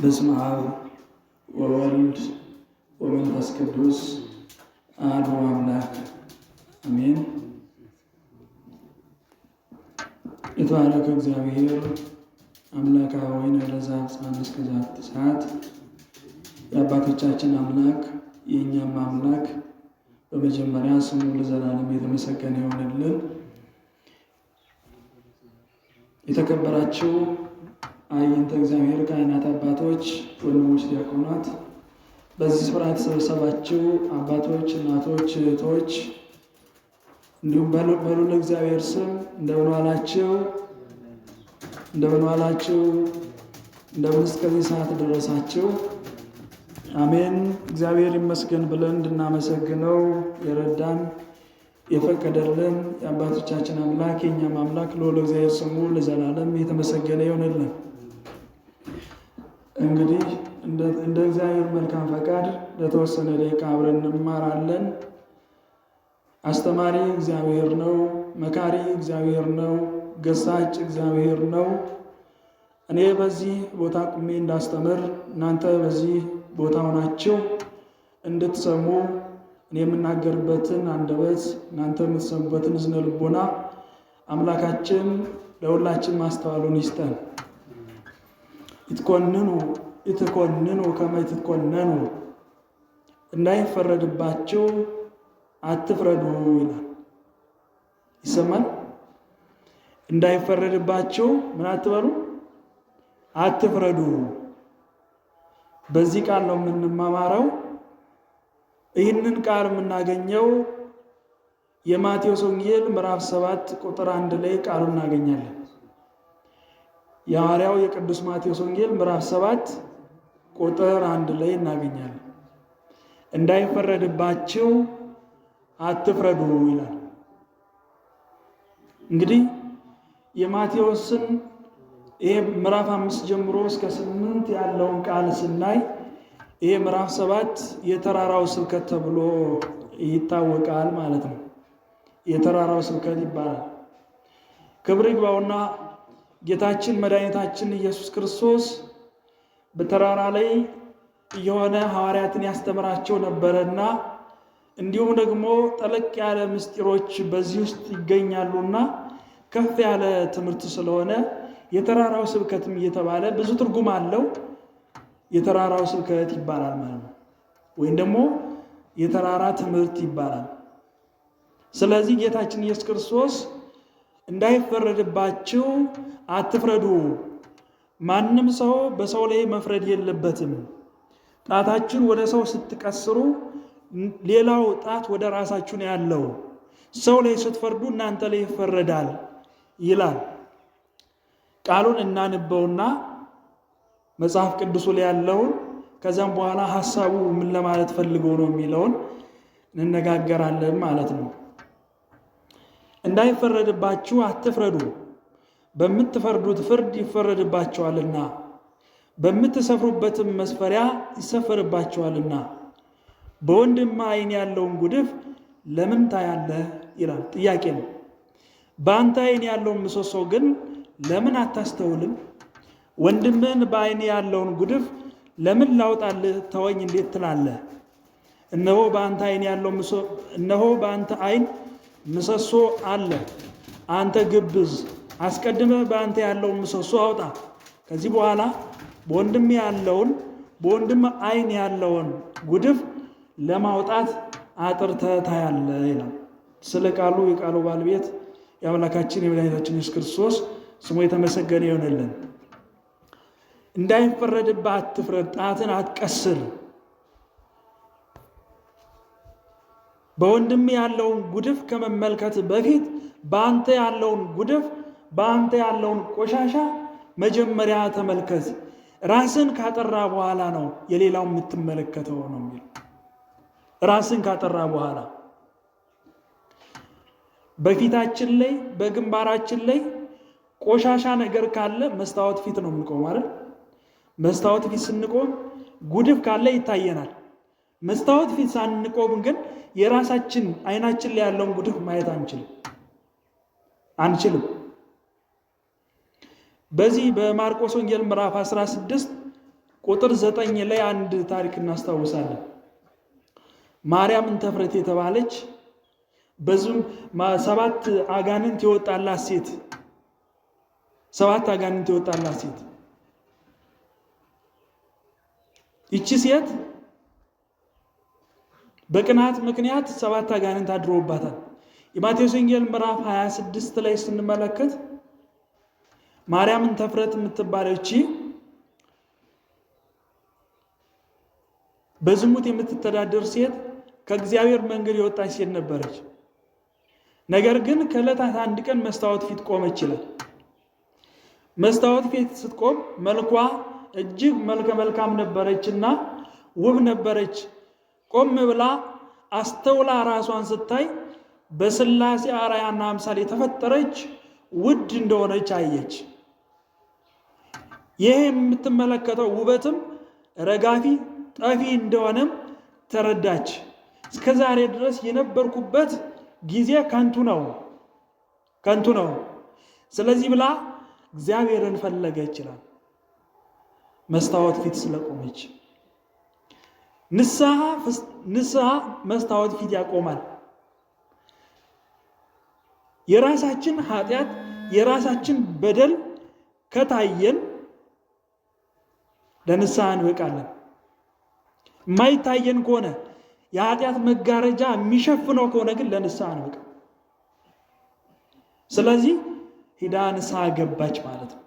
በስመ አብ ወወልድ ወመንፈስ ቅዱስ አሐዱ አምላክ አሜን። የተባረከ እግዚአብሔር አምላክ ሆይ ነረዛ ሕፃን ከዛት ሰዓት የአባቶቻችን አምላክ የእኛም አምላክ በመጀመሪያ ስሙ ለዘላለም የተመሰገነ ይሆንልን። የተከበራችሁ አይንተ እግዚአብሔር ካህናት አባቶች፣ ወንድሞች፣ ዲያቆናት በዚህ ስፍራ የተሰበሰባችሁ አባቶች፣ እናቶች፣ እህቶች እንዲሁም በሉል እግዚአብሔር ስም እንደምን ዋላችሁ? እንደምን ዋላችሁ? እንደምን እስከዚህ ሰዓት ደረሳችሁ? አሜን። እግዚአብሔር ይመስገን ብለን እንድናመሰግነው የረዳን የፈቀደልን የአባቶቻችን አምላክ የእኛም አምላክ ልዑል እግዚአብሔር ስሙ ለዘላለም የተመሰገነ ይሆንልን። እንግዲህ እንደ እግዚአብሔር መልካም ፈቃድ ለተወሰነ ደቂቃ አብረን እንማራለን። አስተማሪ እግዚአብሔር ነው። መካሪ እግዚአብሔር ነው። ገሳጭ እግዚአብሔር ነው። እኔ በዚህ ቦታ ቁሜ እንዳስተምር እናንተ በዚህ ቦታ ሆናችሁ እንድትሰሙ እኔ የምናገርበትን አንደበት እናንተ የምትሰሙበትን ስነ ልቦና አምላካችን ለሁላችን ማስተዋሉን ይስጠን። ይትኮንኑ ይትኮንኑ ከመ ይትኮነኑ እንዳይፈረድባችሁ አትፍረዱ ይላል። ይሰማል። እንዳይፈረድባችሁ ምን አትበሉ፣ አትፍረዱ። በዚህ ቃል ነው የምንማማረው። ይህንን ቃል የምናገኘው የማቴዎስ ወንጌል ምዕራፍ ሰባት ቁጥር አንድ ላይ ቃሉን እናገኛለን። የሐዋርያው የቅዱስ ማቴዎስ ወንጌል ምዕራፍ ሰባት ቁጥር አንድ ላይ እናገኛለን። እንዳይፈረድባችሁ አትፍረዱ ይላል። እንግዲህ የማቴዎስን ይሄ ምዕራፍ አምስት ጀምሮ እስከ ስምንት ያለውን ቃል ስናይ ይሄ ምዕራፍ ሰባት የተራራው ስብከት ተብሎ ይታወቃል ማለት ነው። የተራራው ስብከት ይባላል። ክብር ይግባውና ጌታችን መድኃኒታችን ኢየሱስ ክርስቶስ በተራራ ላይ የሆነ ሐዋርያትን ያስተምራቸው ነበረና እንዲሁም ደግሞ ጠለቅ ያለ ምስጢሮች በዚህ ውስጥ ይገኛሉና ከፍ ያለ ትምህርት ስለሆነ የተራራው ስብከትም እየተባለ ብዙ ትርጉም አለው። የተራራው ስብከት ይባላል ማለት ነው፣ ወይም ደግሞ የተራራ ትምህርት ይባላል። ስለዚህ ጌታችን ኢየሱስ ክርስቶስ እንዳይፈረድባችሁ አትፍረዱ። ማንም ሰው በሰው ላይ መፍረድ የለበትም። ጣታችን ወደ ሰው ስትቀስሩ ሌላው ጣት ወደ ራሳችሁ ነው ያለው። ሰው ላይ ስትፈርዱ እናንተ ላይ ይፈረዳል ይላል። ቃሉን እናንበውና መጽሐፍ ቅዱሱ ላይ ያለውን ከዚያም በኋላ ሀሳቡ ምን ለማለት ፈልገው ነው የሚለውን እንነጋገራለን ማለት ነው። እንዳይፈረድባችሁ አትፍረዱ፣ በምትፈርዱት ፍርድ ይፈረድባችኋልና፣ በምትሰፍሩበትም መስፈሪያ ይሰፈርባችኋልና። በወንድም ዓይን ያለውን ጉድፍ ለምን ታያለህ? ይላል ጥያቄ ነው። በአንተ ዓይን ያለውን ምሰሶ ግን ለምን አታስተውልም? ወንድምህን በዓይን ያለውን ጉድፍ ለምን ላውጣልህ ተወኝ እንዴት ትላለህ? እነሆ በአንተ ዓይን ያለው እነሆ በአንተ ዓይን ምሰሶ አለ። አንተ ግብዝ አስቀድመ በአንተ ያለውን ምሰሶ አውጣ። ከዚህ በኋላ በወንድም ያለውን በወንድም አይን ያለውን ጉድፍ ለማውጣት አጥርተ ታያለ ይላል። ስለ ቃሉ የቃሉ ባለቤት የአምላካችን የመድኃኒታችን ኢየሱስ ክርስቶስ ስሙ የተመሰገነ ይሆንልን። እንዳይፈረድብህ አትፍረድ፣ ጣትን አትቀስር። በወንድም ያለውን ጉድፍ ከመመልከት በፊት በአንተ ያለውን ጉድፍ በአንተ ያለውን ቆሻሻ መጀመሪያ ተመልከት። ራስን ካጠራ በኋላ ነው የሌላው የምትመለከተው ነው የሚል ራስን ካጠራ በኋላ በፊታችን ላይ በግንባራችን ላይ ቆሻሻ ነገር ካለ መስታወት ፊት ነው የምንቆም አይደል? መስታወት ፊት ስንቆም ጉድፍ ካለ ይታየናል። መስታወት ፊት ሳንቆም ግን የራሳችን አይናችን ላይ ያለውን ጉድፍ ማየት አንችልም አንችልም። በዚህ በማርቆስ ወንጌል ምዕራፍ 16 ቁጥር 9 ላይ አንድ ታሪክ እናስታውሳለን። ማርያም እንተፍረት የተባለች በዙም ሰባት አጋንንት የወጣላት ሴት ሰባት አጋንንት የወጣላት ሴት ይቺ ሴት በቅናት ምክንያት ሰባት አጋንንት አድሮባታል። የማቴዎስ ወንጌል ምዕራፍ 26 ላይ ስንመለከት ማርያምን ተፍረት የምትባለው እቺ በዝሙት የምትተዳደር ሴት ከእግዚአብሔር መንገድ የወጣች ሴት ነበረች። ነገር ግን ከዕለታት አንድ ቀን መስታወት ፊት ቆመች ይላል። መስታወት ፊት ስትቆም መልኳ እጅግ መልከ መልካም ነበረች እና ውብ ነበረች። ቆም ብላ አስተውላ ራሷን ስታይ በስላሴ አርአያና አምሳል የተፈጠረች ውድ እንደሆነች አየች። ይህ የምትመለከተው ውበትም ረጋፊ ጠፊ እንደሆነም ተረዳች። እስከ ዛሬ ድረስ የነበርኩበት ጊዜ ከንቱ ነው ከንቱ ነው። ስለዚህ ብላ እግዚአብሔርን ፈለገ ይችላል መስታወት ፊት ስለቆመች ንስሐ መስታወት ፊት ያቆማል። የራሳችን ኃጢአት የራሳችን በደል ከታየን ለንስሐ እንበቃለን። የማይታየን ከሆነ የኃጢአት መጋረጃ የሚሸፍነው ከሆነ ግን ለንስሐ እንበቃ። ስለዚህ ሂዳ ንስሐ ገባች ማለት ነው።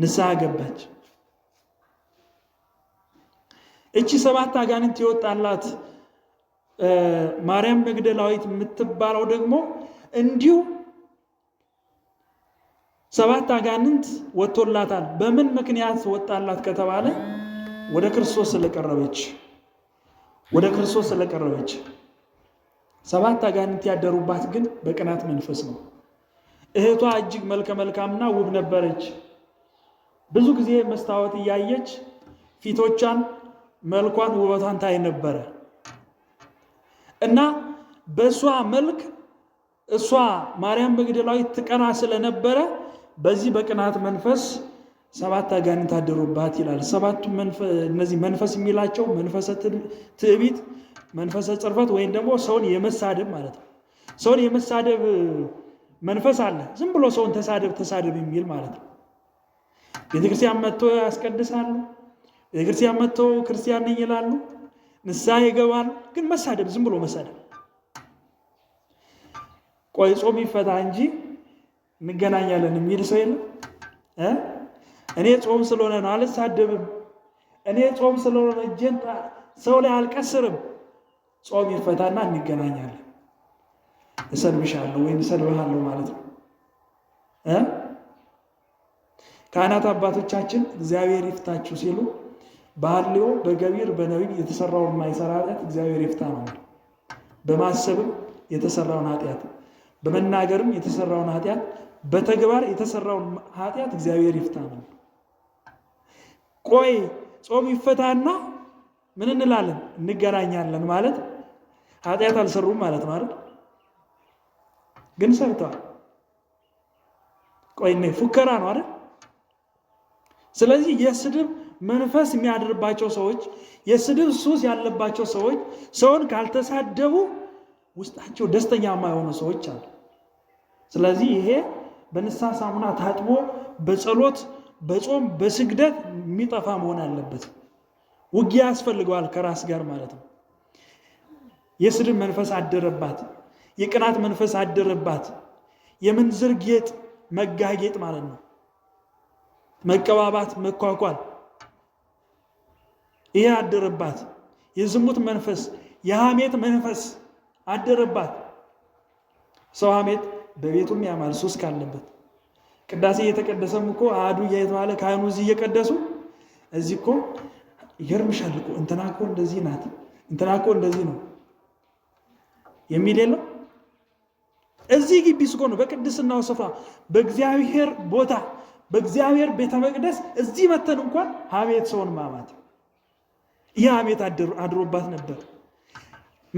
ንስሐ ገባች። እቺ ሰባት አጋንንት ይወጣላት ማርያም መግደላዊት የምትባለው ደግሞ እንዲሁ ሰባት አጋንንት ወጥቶላታል። በምን ምክንያት ወጣላት ከተባለ ወደ ክርስቶስ ስለቀረበች ወደ ክርስቶስ ስለቀረበች። ሰባት አጋንንት ያደሩባት ግን በቅናት መንፈስ ነው። እህቷ እጅግ መልከ መልካምና ውብ ነበረች። ብዙ ጊዜ መስታወት እያየች ፊቶቿን መልኳን ውበቷን ታይ ነበረ እና በእሷ መልክ እሷ ማርያም መግደላዊት ትቀና ስለነበረ በዚህ በቅናት መንፈስ ሰባት አጋንንት አደሩባት ይላል። ሰባቱ እነዚህ መንፈስ የሚላቸው መንፈሰ ትዕቢት፣ መንፈሰ ጽርፈት ወይም ደግሞ ሰውን የመሳደብ ማለት ነው። ሰውን የመሳደብ መንፈስ አለ። ዝም ብሎ ሰውን ተሳደብ ተሳደብ የሚል ማለት ነው። ቤተክርስቲያን መጥቶ ያስቀድሳሉ። ቤተክርስቲያን መጥቶ ክርስቲያን ነኝ ይላሉ፣ ንስሐ ይገባሉ። ግን መሳደብ ዝም ብሎ መሳደብ ቆይ ጾም ይፈታ እንጂ እንገናኛለን የሚል ሰው የለም። እኔ ጾም ስለሆነ ነው አልሳደብም፣ እኔ ጾም ስለሆነ እጄን ሰው ላይ አልቀስርም። ጾም ይፈታና እንገናኛለን፣ እሰድብሻለሁ ወይም እሰድብሃለሁ ማለት ነው። ካህናት አባቶቻችን እግዚአብሔር ይፍታችሁ ሲሉ በሐልዮ በገቢር በነቢብ የተሰራውን የማይሰራ ኃጢአት እግዚአብሔር ይፍታ ነው። በማሰብም የተሰራውን ኃጢአት፣ በመናገርም የተሰራውን ኃጢአት፣ በተግባር የተሰራውን ኃጢአት እግዚአብሔር ይፍታ ነው። ቆይ ጾም ይፈታና ምን እንላለን? እንገናኛለን ማለት ኃጢአት አልሰሩም ማለት ነው አይደል? ግን ሰርተዋል። ቆይ ፉከራ ነው አይደል? ስለዚህ የስድብ መንፈስ የሚያድርባቸው ሰዎች፣ የስድብ ሱስ ያለባቸው ሰዎች፣ ሰውን ካልተሳደቡ ውስጣቸው ደስተኛ የማይሆኑ ሰዎች አሉ። ስለዚህ ይሄ በንስሐ ሳሙና ታጥቦ በጸሎት በጾም በስግደት የሚጠፋ መሆን አለበት። ውጊያ ያስፈልገዋል ከራስ ጋር ማለት ነው። የስድብ መንፈስ አደረባት፣ የቅናት መንፈስ አደረባት፣ የምንዝር ጌጥ መጋጌጥ ማለት ነው፣ መቀባባት፣ መኳኳል ይህ አደረባት። የዝሙት መንፈስ፣ የሐሜት መንፈስ አደረባት። ሰው ሐሜት በቤቱም ያማል ሱስ ካለበት ቅዳሴ እየተቀደሰም እኮ አዱ እየተባለ ካህኑ እዚህ እየቀደሱ እዚህ እኮ ይገርምሻል እኮ እንትና እኮ እንደዚህ ናት፣ እንትና እኮ እንደዚህ ነው የሚል የለው። እዚህ ግቢ ስኮ ነው በቅድስናው ስፍራ በእግዚአብሔር ቦታ በእግዚአብሔር ቤተ መቅደስ እዚህ መተን እንኳን ሐሜት ሰውን ማማት ይህ አሜት አድሮባት ነበር።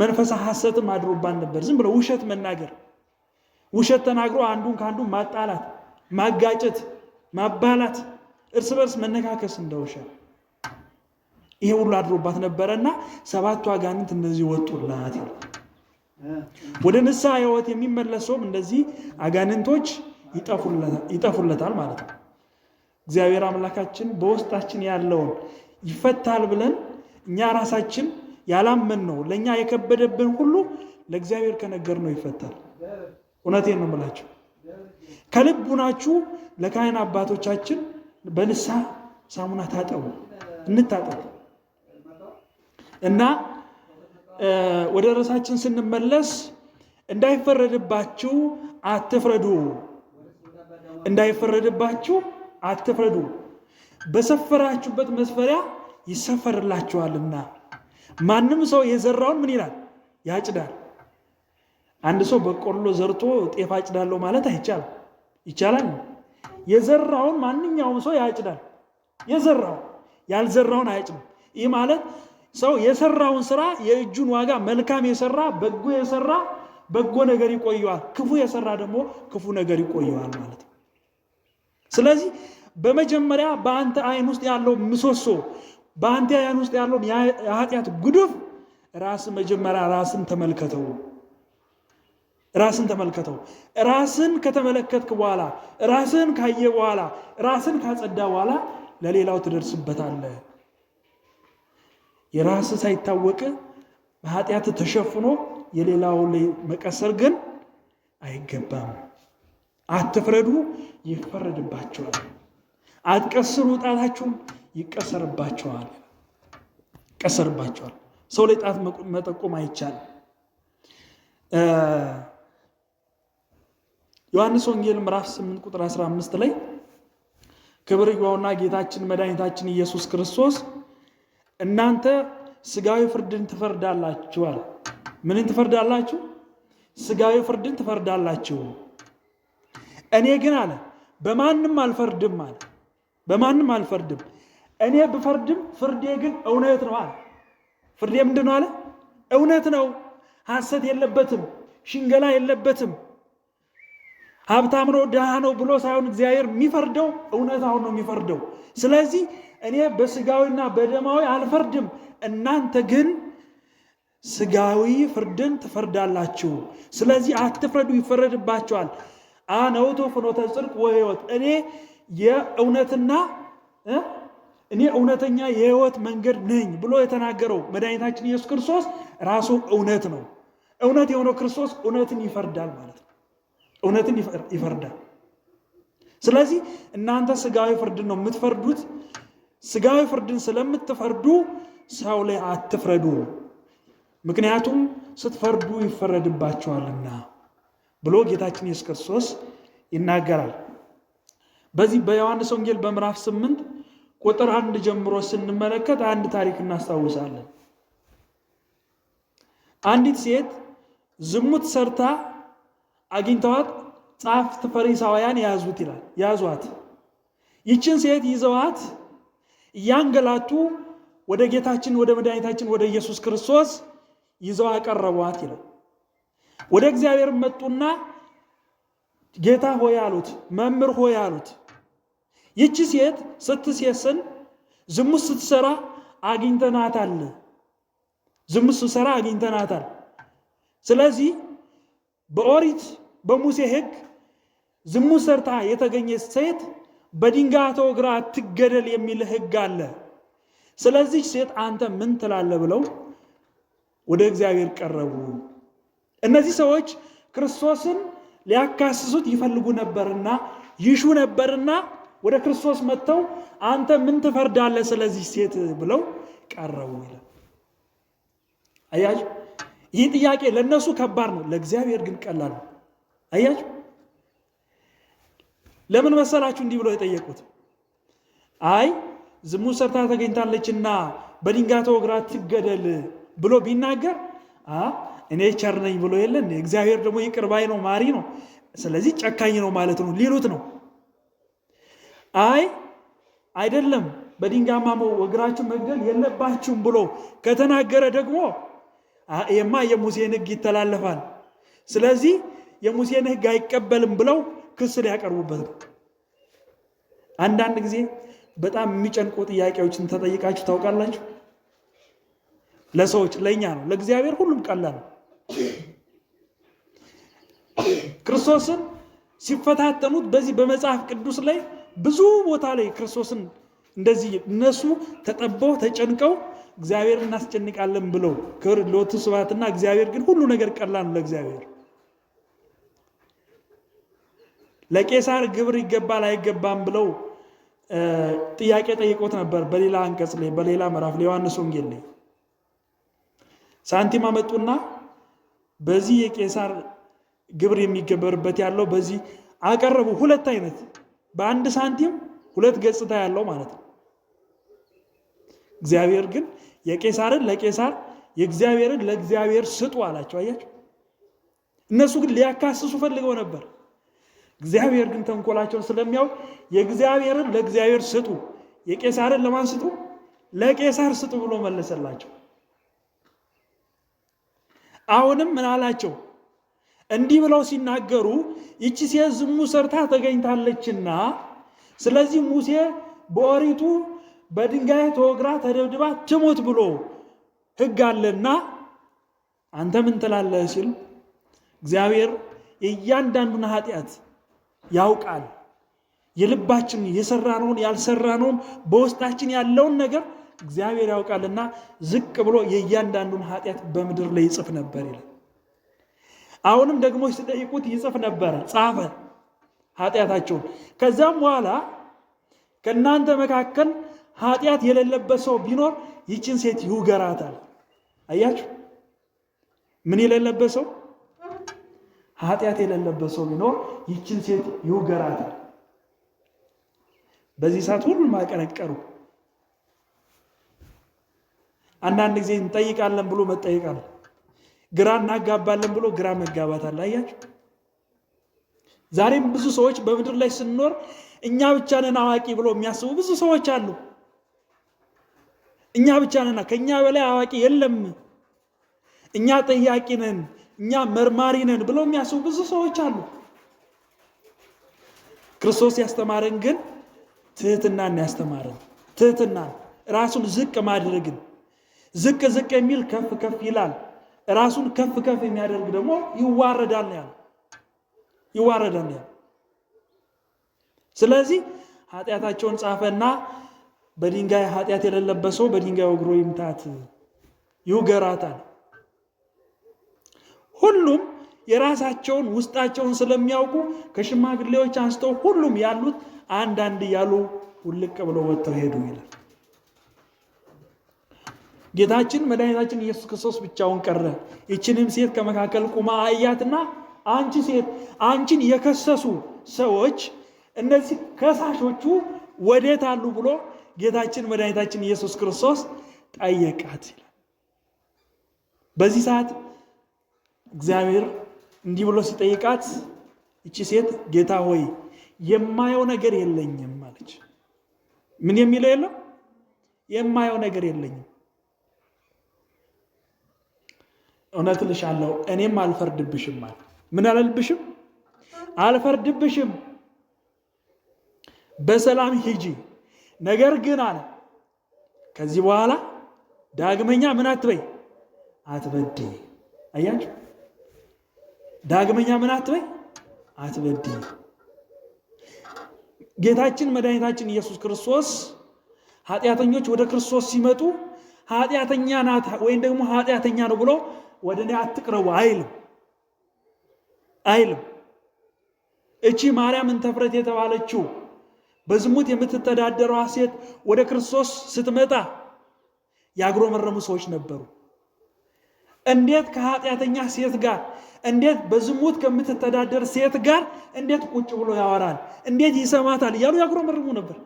መንፈሳ ሐሰትም አድሮባት ነበር። ዝም ብሎ ውሸት መናገር፣ ውሸት ተናግሮ አንዱን ከአንዱ ማጣላት፣ ማጋጨት፣ ማባላት፣ እርስ በርስ መነካከስ እንደ ውሻ ይሄ ሁሉ አድሮባት ነበርና ሰባቱ አጋንንት እንደዚህ ወጡላት። ወደ ንስሐ ሕይወት የሚመለስ ሰውም እንደዚህ አጋንንቶች ይጠፉለታል ማለት ነው። እግዚአብሔር አምላካችን በውስጣችን ያለውን ይፈታል ብለን እኛ ራሳችን ያላመን ነው ለእኛ የከበደብን ሁሉ ለእግዚአብሔር ከነገር ነው ይፈታል። እውነቴን ነው ከልቡ ናችሁ ለካህን አባቶቻችን በንሳ ሳሙና ታጠቡ፣ እንታጠቡ እና ወደ ርዕሳችን ስንመለስ እንዳይፈረድባችሁ አትፍረዱ፣ እንዳይፈረድባችሁ አትፍረዱ። በሰፈራችሁበት መስፈሪያ ይሰፈርላችኋልና ማንም ሰው የዘራውን ምን ይላል ያጭዳል። አንድ ሰው በቆሎ ዘርቶ ጤፍ አጭዳለሁ ማለት አይቻልም። ይቻላል። የዘራውን ማንኛውም ሰው ያጭዳል። የዘራውን ያልዘራውን አያጭድም። ይህ ማለት ሰው የሰራውን ስራ የእጁን ዋጋ መልካም የሰራ በጎ የሰራ በጎ ነገር ይቆየዋል፣ ክፉ የሰራ ደግሞ ክፉ ነገር ይቆየዋል ማለት ነው። ስለዚህ በመጀመሪያ በአንተ አይን ውስጥ ያለው ምሰሶ በአንተ ውስጥ ያለውን የኃጢአት ጉድፍ ራስ መጀመሪያ ራስን ተመልከተው ራስን ተመልከተው። ራስን ከተመለከትክ በኋላ ራስን ካየ በኋላ ራስን ካጸዳ በኋላ ለሌላው ትደርስበታለህ። የራስ ሳይታወቅ በኃጢአት ተሸፍኖ የሌላው ላይ መቀሰር ግን አይገባም። አትፍረዱ፣ ይፈረድባቸዋል። አትቀስሩ ጣታችሁም ይቀሰርባቸዋል ይቀሰርባቸዋል። ሰው ላይ ጣት መጠቆም አይቻልም። ዮሐንስ ወንጌል ምዕራፍ 8 ቁጥር 15 ላይ ክብር ይግባውና ጌታችን መድኃኒታችን ኢየሱስ ክርስቶስ እናንተ ስጋዊ ፍርድን ትፈርዳላችኋል። ምንን ትፈርዳላችሁ? ስጋዊ ፍርድን ትፈርዳላችሁ። እኔ ግን አለ በማንም አልፈርድም አለ በማንም አልፈርድም እኔ ብፈርድም ፍርዴ ግን እውነት ነው አለ። ፍርዴ ምንድን ነው አለ? እውነት ነው፣ ሐሰት የለበትም፣ ሽንገላ የለበትም። ሀብታም ነው ድሃ ነው ብሎ ሳይሆን እግዚአብሔር የሚፈርደው እውነታውን ነው የሚፈርደው። ስለዚህ እኔ በስጋዊና በደማዊ አልፈርድም፣ እናንተ ግን ስጋዊ ፍርድን ትፈርዳላችሁ። ስለዚህ አትፍረዱ፣ ይፈረድባቸዋል። አነውቶ ፍኖተ ጽድቅ ወህይወት እኔ የእውነትና እኔ እውነተኛ የህይወት መንገድ ነኝ ብሎ የተናገረው መድኃኒታችን ኢየሱስ ክርስቶስ ራሱ እውነት ነው። እውነት የሆነው ክርስቶስ እውነትን ይፈርዳል ማለት ነው። እውነትን ይፈርዳል። ስለዚህ እናንተ ስጋዊ ፍርድን ነው የምትፈርዱት። ስጋዊ ፍርድን ስለምትፈርዱ ሰው ላይ አትፍረዱ፣ ምክንያቱም ስትፈርዱ ይፈረድባቸዋልና ብሎ ጌታችን ኢየሱስ ክርስቶስ ይናገራል። በዚህ በዮሐንስ ወንጌል በምዕራፍ ስምንት ቁጥር አንድ ጀምሮ ስንመለከት አንድ ታሪክ እናስታውሳለን። አንዲት ሴት ዝሙት ሰርታ አግኝተዋት ጻፍት ፈሪሳውያን ያዙት ይላል። ያዟት። ይችን ሴት ይዘዋት እያንገላቱ ወደ ጌታችን ወደ መድኃኒታችን ወደ ኢየሱስ ክርስቶስ ይዘው አቀረቧት ይላል። ወደ እግዚአብሔር መጡና ጌታ ሆይ አሉት፣ መምህር ሆይ አሉት ይቺ ሴት ስትሴስን ዝሙት ስትሰራ አግኝተናታል። ዝሙት ስትሰራ አግኝተናታል። ስለዚህ በኦሪት በሙሴ ሕግ ዝሙት ሰርታ የተገኘች ሴት በድንጋይ ተወግራ ትገደል የሚል ሕግ አለ። ስለዚህ ሴት አንተ ምን ትላለህ ብለው ወደ እግዚአብሔር ቀረቡ። እነዚህ ሰዎች ክርስቶስን ሊያካስሱት ይፈልጉ ነበርና ይሹ ነበርና ወደ ክርስቶስ መጥተው አንተ ምን ትፈርዳለህ ስለዚህ ሴት ብለው ቀረቡ ይላል። አያችሁ፣ ይህ ጥያቄ ለእነሱ ከባድ ነው፣ ለእግዚአብሔር ግን ቀላል ነው። አያችሁ፣ ለምን መሰላችሁ እንዲህ ብለው የጠየቁት? አይ ዝሙት ሰርታ ተገኝታለችና በድንጋይ ተወግራ ትገደል ብሎ ቢናገር እኔ ቸር ነኝ ብሎ የለን እግዚአብሔር ደግሞ ይቅር ባይ ነው፣ ማሪ ነው፣ ስለዚህ ጨካኝ ነው ማለት ነው ሊሉት ነው አይ አይደለም በድንጋማ ማሞው እግራችሁ መግደል የለባችሁም ብሎ ከተናገረ ደግሞ የማ የሙሴን ሕግ ይተላለፋል። ስለዚህ የሙሴን ሕግ አይቀበልም ብለው ክስ ሊያቀርቡበት ነው። አንዳንድ ጊዜ በጣም የሚጨንቁ ጥያቄዎችን ተጠይቃችሁ ታውቃላችሁ? ለሰዎች ለእኛ ነው፣ ለእግዚአብሔር ሁሉም ቀላል ነው። ክርስቶስን ሲፈታተኑት በዚህ በመጽሐፍ ቅዱስ ላይ ብዙ ቦታ ላይ ክርስቶስን እንደዚህ እነሱ ተጠበው ተጨንቀው እግዚአብሔር እናስጨንቃለን ብለው ክብር ለወቱ ስብሐትና እግዚአብሔር ግን ሁሉ ነገር ቀላል ነው ለእግዚአብሔር። ለቄሳር ግብር ይገባል አይገባም ብለው ጥያቄ ጠይቆት ነበር። በሌላ አንቀጽ ላይ በሌላ ምዕራፍ ላይ ዮሐንስ ወንጌል ላይ ሳንቲም አመጡና በዚህ የቄሳር ግብር የሚገበርበት ያለው በዚህ አቀረቡ። ሁለት አይነት በአንድ ሳንቲም ሁለት ገጽታ ያለው ማለት ነው። እግዚአብሔር ግን የቄሳርን ለቄሳር የእግዚአብሔርን ለእግዚአብሔር ስጡ አላቸው። አያቸው። እነሱ ግን ሊያካስሱ ፈልገው ነበር። እግዚአብሔር ግን ተንኮላቸውን ስለሚያውቅ የእግዚአብሔርን ለእግዚአብሔር ስጡ፣ የቄሳርን ለማን ስጡ? ለቄሳር ስጡ ብሎ መለሰላቸው። አሁንም ምን አላቸው? እንዲህ ብለው ሲናገሩ ይቺ ሴት ዝሙ ሰርታ ተገኝታለችና፣ ስለዚህ ሙሴ በኦሪቱ በድንጋይ ተወግራ ተደብድባ ትሙት ብሎ ሕግ አለና አንተ ምን ትላለህ ሲል እግዚአብሔር የእያንዳንዱን ኃጢአት ያውቃል። የልባችንን የሰራነውን ያልሰራነውን በውስጣችን ያለውን ነገር እግዚአብሔር ያውቃልና ዝቅ ብሎ የእያንዳንዱን ኃጢአት በምድር ላይ ይጽፍ ነበር ይላል። አሁንም ደግሞ ሲጠይቁት ይጽፍ ነበረ፣ ጻፈ ኃጢአታቸውን። ከዚያም በኋላ ከእናንተ መካከል ኃጢአት የሌለበት ሰው ቢኖር ይችን ሴት ይውገራታል። አያችሁ፣ ምን የሌለበት ሰው ኃጢአት የሌለበት ሰው ቢኖር ይችን ሴት ይውገራታል። በዚህ ሰዓት ሁሉም አቀነቀሩ። አንዳንድ ጊዜ እንጠይቃለን ብሎ መጠይቃለን ግራ እናጋባለን ብሎ ግራ መጋባት አለ። አያችሁ፣ ዛሬም ብዙ ሰዎች በምድር ላይ ስንኖር እኛ ብቻ ነን አዋቂ ብሎ የሚያስቡ ብዙ ሰዎች አሉ። እኛ ብቻ ከእኛ በላይ አዋቂ የለም፣ እኛ ጠያቂ ነን፣ እኛ መርማሪ ነን ብሎ የሚያስቡ ብዙ ሰዎች አሉ። ክርስቶስ ያስተማረን ግን ትህትናን ያስተማረን ትህትናን ራሱን ዝቅ ማድረግን ዝቅ ዝቅ የሚል ከፍ ከፍ ይላል ራሱን ከፍ ከፍ የሚያደርግ ደግሞ ይዋረዳል ነው ያለው። ይዋረዳል ነው ያለው። ስለዚህ ኃጢአታቸውን ጻፈና በድንጋይ ኃጢአት የሌለበት ሰው በድንጋይ ወግሮ ይምታት፣ ይውገራታል። ሁሉም የራሳቸውን ውስጣቸውን ስለሚያውቁ ከሽማግሌዎች አንስተው ሁሉም ያሉት አንዳንድ እያሉ ውልቅ ብለው ወጥተው ሄዱ ይላል። ጌታችን መድኃኒታችን ኢየሱስ ክርስቶስ ብቻውን ቀረ። ይችንም ሴት ከመካከል ቁማ አያትና፣ አንቺ ሴት አንቺን የከሰሱ ሰዎች እነዚህ ከሳሾቹ ወዴት አሉ ብሎ ጌታችን መድኃኒታችን ኢየሱስ ክርስቶስ ጠየቃት ይላል። በዚህ ሰዓት እግዚአብሔር እንዲህ ብሎ ሲጠይቃት እቺ ሴት ጌታ ሆይ የማየው ነገር የለኝም አለች። ምን የሚለው የለም የማየው ነገር የለኝም እውነት ልሻለሁ እኔም አልፈርድብሽም አለ። ምን አለልብሽም? አልፈርድብሽም፣ በሰላም ሂጂ። ነገር ግን አለ ከዚህ በኋላ ዳግመኛ ምን አትበይ አትበድ። አያችሁ፣ ዳግመኛ ምን አትበይ አትበድ። ጌታችን መድኃኒታችን ኢየሱስ ክርስቶስ ኃጢአተኞች ወደ ክርስቶስ ሲመጡ ኃጢአተኛ ናት ወይም ደግሞ ኃጢአተኛ ነው ብሎ ወደ እኔ አትቅረቡ አይልም አይልም። እቺ ማርያም እንተፍረት የተባለችው በዝሙት የምትተዳደረዋ ሴት ወደ ክርስቶስ ስትመጣ ያግሮመረሙ ሰዎች ነበሩ። እንዴት ከኃጢአተኛ ሴት ጋር እንዴት በዝሙት ከምትተዳደር ሴት ጋር እንዴት ቁጭ ብሎ ያወራል? እንዴት ይሰማታል? እያሉ ያጉረመርሙ ነበር።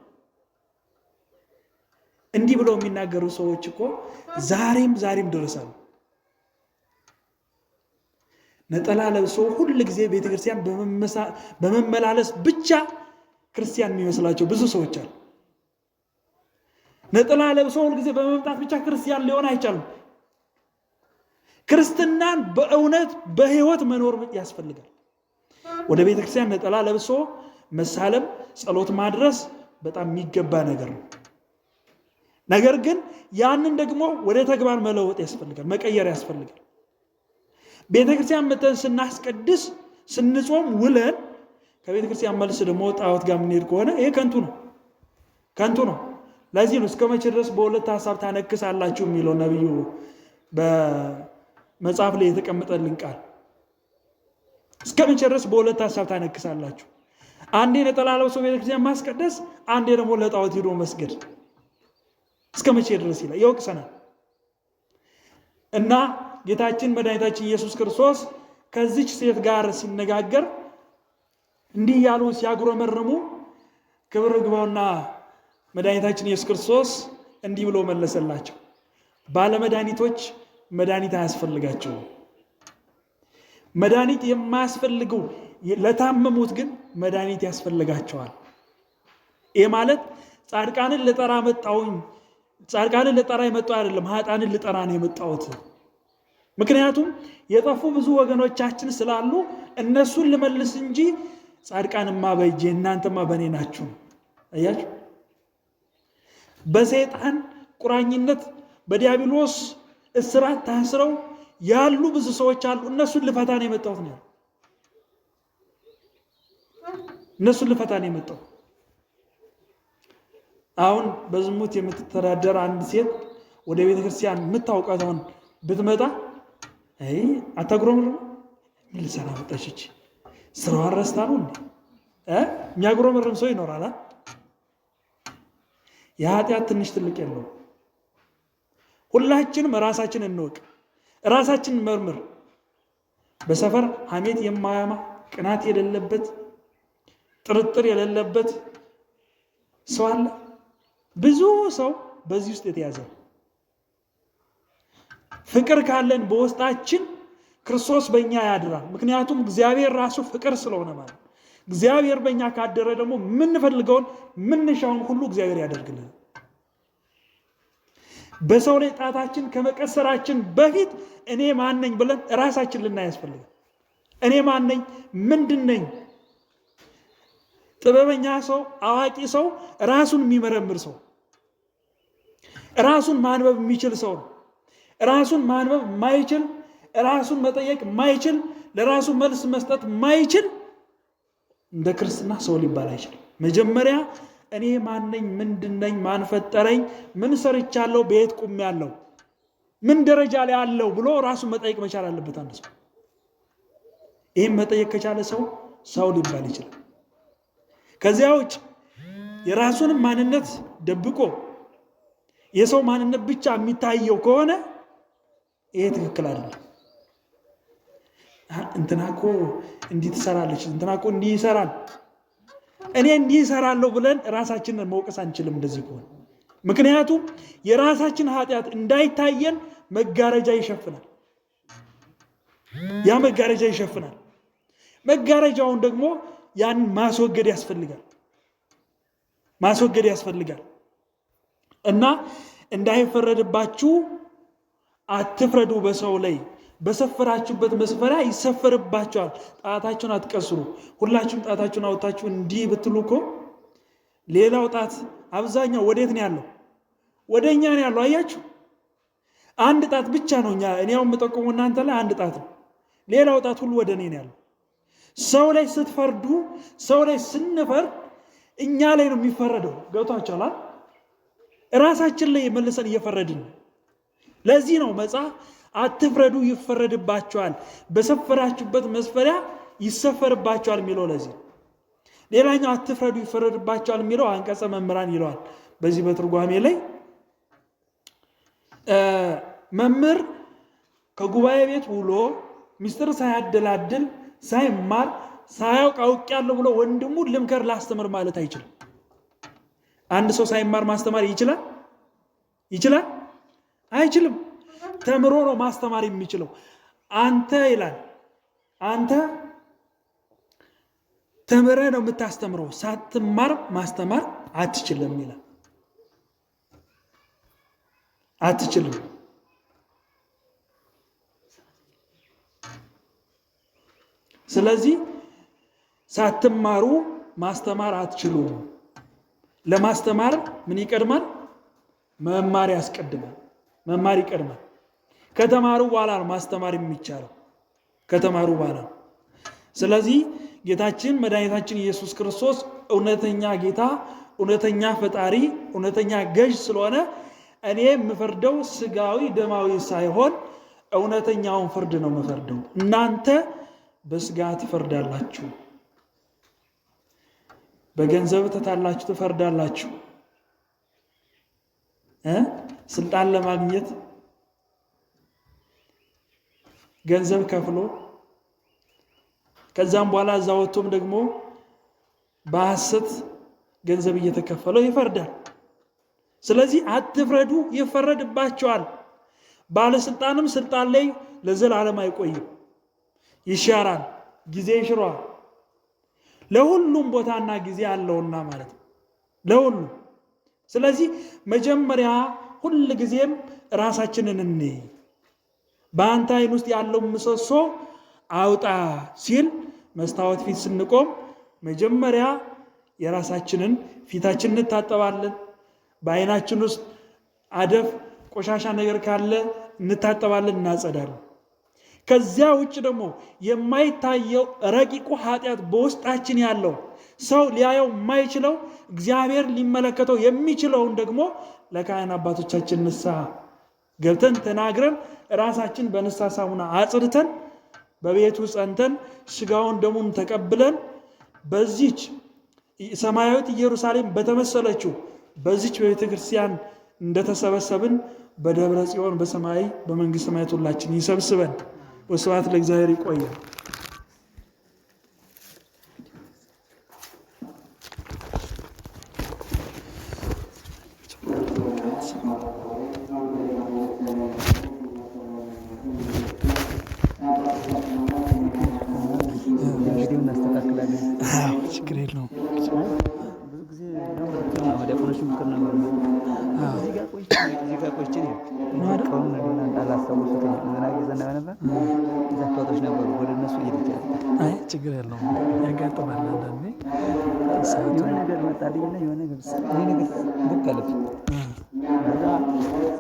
እንዲህ ብለው የሚናገሩ ሰዎች እኮ ዛሬም ዛሬም ደርሳሉ። ነጠላ ለብሶ ሁል ጊዜ ቤተክርስቲያን በመመላለስ ብቻ ክርስቲያን የሚመስላቸው ብዙ ሰዎች አሉ። ነጠላ ለብሶ ሁል ጊዜ በመምጣት ብቻ ክርስቲያን ሊሆን አይቻልም። ክርስትናን በእውነት በህይወት መኖር ያስፈልጋል። ወደ ቤተክርስቲያን ነጠላ ለብሶ መሳለም፣ ጸሎት ማድረስ በጣም የሚገባ ነገር ነው። ነገር ግን ያንን ደግሞ ወደ ተግባር መለወጥ ያስፈልጋል፣ መቀየር ያስፈልጋል። ቤተ ክርስቲያን መተን ስናስቀድስ ስንጾም ውለን ከቤተ ክርስቲያን መልስ ደግሞ ጣዖት ጋር የምንሄድ ከሆነ ይሄ ከንቱ ነው፣ ከንቱ ነው። ለዚህ ነው እስከ መቼ ድረስ በሁለት ሀሳብ ታነክሳላችሁ የሚለው ነቢዩ በመጽሐፍ ላይ የተቀመጠልን ቃል። እስከ መቼ ድረስ በሁለት ሀሳብ ታነክሳላችሁ? አንዴ ነጠላ ለብሶ ቤተክርስቲያን ማስቀደስ፣ አንዴ ደግሞ ለጣዖት ሂዶ መስገድ እስከ መቼ ድረስ ይላል፣ ይወቅሰናል እና ጌታችን መድኃኒታችን ኢየሱስ ክርስቶስ ከዚች ሴት ጋር ሲነጋገር እንዲህ ያሉ ሲያጉረመርሙ ክብር ግባውና መድኃኒታችን ኢየሱስ ክርስቶስ እንዲህ ብሎ መለሰላቸው። ባለመድኃኒቶች መድኃኒት አያስፈልጋቸው። መድኃኒት የማያስፈልገው ለታመሙት ግን መድኃኒት ያስፈልጋቸዋል። ይህ ማለት ጻድቃንን ልጠራ መጣውኝ ጻድቃንን ልጠራ የመጣው አይደለም፣ ሀጣንን ልጠራ ነው የመጣውት። ምክንያቱም የጠፉ ብዙ ወገኖቻችን ስላሉ እነሱን ልመልስ እንጂ ጻድቃንማ በእጄ እናንተማ በእኔ ናችሁ። አያችሁ፣ በሰይጣን ቁራኝነት በዲያብሎስ እስራት ታስረው ያሉ ብዙ ሰዎች አሉ። እነሱን ልፈታ ነው የመጣሁት ነው እነሱን ልፈታ ነው የመጣው። አሁን በዝሙት የምትተዳደር አንድ ሴት ወደ ቤተክርስቲያን የምታውቃት አሁን ብትመጣ አይ አታጉረምርም። ምን ልሰራ መጣች እቺ? ስራዋን ረስታ ነው እንዴ? የሚያጉረመርም ሰው ይኖራል። የኃጢአት ትንሽ ትልቅ የለው። ሁላችንም ራሳችን እንወቅ፣ ራሳችን መርምር። በሰፈር ሐሜት የማያማ ቅናት የሌለበት ጥርጥር የሌለበት ሰው አለ። ብዙ ሰው በዚህ ውስጥ የተያዘ ፍቅር ካለን በውስጣችን ክርስቶስ በእኛ ያድራል። ምክንያቱም እግዚአብሔር ራሱ ፍቅር ስለሆነ ማለት እግዚአብሔር በእኛ ካደረ ደግሞ የምንፈልገውን ምንሻውን ሁሉ እግዚአብሔር ያደርግልን። በሰው ላይ ጣታችን ከመቀሰራችን በፊት እኔ ማነኝ ብለን ራሳችን ልናይ ያስፈልጋል። እኔ ማነኝ? ምንድን ነኝ? ጥበበኛ ሰው፣ አዋቂ ሰው፣ ራሱን የሚመረምር ሰው፣ ራሱን ማንበብ የሚችል ሰው ነው። ራሱን ማንበብ ማይችል፣ ራሱን መጠየቅ ማይችል፣ ለራሱ መልስ መስጠት ማይችል እንደ ክርስትና ሰው ሊባል አይችልም። መጀመሪያ እኔ ማነኝ? ምንድነኝ? ማንፈጠረኝ ምን ምን ሰርቻለሁ? በየት ያለው ምን ደረጃ ላይ አለው ብሎ ራሱን መጠየቅ መቻል አለበት አንድ ሰው። ይህም መጠየቅ ከቻለ ሰው ሰው ሊባል ይችላል። ከዚያ ውጭ የራሱንም ማንነት ደብቆ የሰው ማንነት ብቻ የሚታየው ከሆነ ይሄ ትክክል አይደለም። እንትና እኮ እንዲህ ትሰራለች፣ እንትና እኮ እንዲህ ይሰራል፣ እኔ እንዲህ ብለን ራሳችንን መውቀስ አንችልም እንደዚህ ከሆነ። ምክንያቱም የራሳችን ኃጢአት እንዳይታየን መጋረጃ ይሸፍናል። ያ መጋረጃ ይሸፍናል። መጋረጃውን ደግሞ ያን ማስወገድ ያስፈልጋል፣ ማስወገድ ያስፈልጋል እና እንዳይፈረድባችሁ አትፍረዱ በሰው ላይ በሰፈራችሁበት መስፈሪያ ይሰፈርባቸዋል። ጣታችሁን አትቀስሩ። ሁላችሁም ጣታችሁን አውጣችሁ እንዲህ ብትሉ እኮ ሌላው ጣት አብዛኛው ወዴት ነው ያለው? ወደ እኛ ነው ያለው። አያችሁ፣ አንድ ጣት ብቻ ነው እኛ እኔ ያው የምጠቁሙ እናንተ ላይ አንድ ጣት ነው። ሌላው ጣት ሁሉ ወደ እኔ ነው ያለው። ሰው ላይ ስትፈርዱ፣ ሰው ላይ ስንፈርድ እኛ ላይ ነው የሚፈረደው። ገብቷችኋል? ራሳችን ላይ መልሰን እየፈረድን ነው። ለዚህ ነው መጽሐፍ አትፍረዱ ይፈረድባቸዋል፣ በሰፈራችሁበት መስፈሪያ ይሰፈርባቸዋል የሚለው ለዚህ ነው። ሌላኛው አትፍረዱ ይፈረድባቸዋል የሚለው አንቀጸ መምህራን ይለዋል። በዚህ በትርጓሜ ላይ መምህር ከጉባኤ ቤት ውሎ ምስጢር ሳያደላድል ሳይማር ሳያውቅ አውቄያለሁ ብሎ ወንድሙ ልምከር ላስተምር ማለት አይችልም። አንድ ሰው ሳይማር ማስተማር ይችላል ይችላል አይችልም። ተምሮ ነው ማስተማር የሚችለው። አንተ ይላል አንተ ተምረ ነው የምታስተምረው፣ ሳትማር ማስተማር አትችልም ይላል። አትችልም ስለዚህ ሳትማሩ ማስተማር አትችሉም። ለማስተማር ምን ይቀድማል? መማር ያስቀድማል። መማር ይቀድማል። ከተማሩ በኋላ ነው ማስተማር የሚቻለው፣ ከተማሩ በኋላ ነው። ስለዚህ ጌታችን መድኃኒታችን ኢየሱስ ክርስቶስ እውነተኛ ጌታ፣ እውነተኛ ፈጣሪ፣ እውነተኛ ገዥ ስለሆነ እኔ የምፈርደው ስጋዊ ደማዊ ሳይሆን እውነተኛውን ፍርድ ነው የምፈርደው። እናንተ በስጋ ትፈርዳላችሁ፣ በገንዘብ ተታላችሁ ትፈርዳላችሁ ስልጣን ለማግኘት ገንዘብ ከፍሎ ከዛም በኋላ እዛ ወጥቶም ደግሞ በሐሰት ገንዘብ እየተከፈለው ይፈርዳል። ስለዚህ አትፍረዱ፣ ይፈረድባቸዋል። ባለስልጣንም ስልጣን ላይ ለዘላለም አይቆይም፣ ይሻራል፣ ጊዜ ይሽረዋል። ለሁሉም ቦታና ጊዜ አለውና ማለት ነው ለሁሉም ስለዚህ መጀመሪያ ሁል ጊዜም ራሳችንን እንይ። በአንተ አይን ውስጥ ያለው ምሰሶ አውጣ ሲል መስታወት ፊት ስንቆም መጀመሪያ የራሳችንን ፊታችን እንታጠባለን። በአይናችን ውስጥ አደፍ ቆሻሻ ነገር ካለ እንታጠባለን፣ እናጸዳለን። ከዚያ ውጭ ደግሞ የማይታየው ረቂቁ ኃጢአት በውስጣችን ያለው ሰው ሊያየው የማይችለው እግዚአብሔር ሊመለከተው የሚችለውን ደግሞ ለካህን አባቶቻችን ንስሐ ገብተን ተናግረን ራሳችን በንስሐ ሳሙና አጽድተን በቤቱ ጸንተን ስጋውን ደሙን ተቀብለን በዚች ሰማያዊት ኢየሩሳሌም በተመሰለችው በዚች በቤተ ክርስቲያን እንደተሰበሰብን በደብረ ጽዮን በሰማይ በመንግሥተ ሰማያት ሁላችን ይሰብስበን። ወስብሐት ለእግዚአብሔር። ይቆያል። ችግር የለውም። ችግር የለውም ያጋጥማል። አንዳንዴ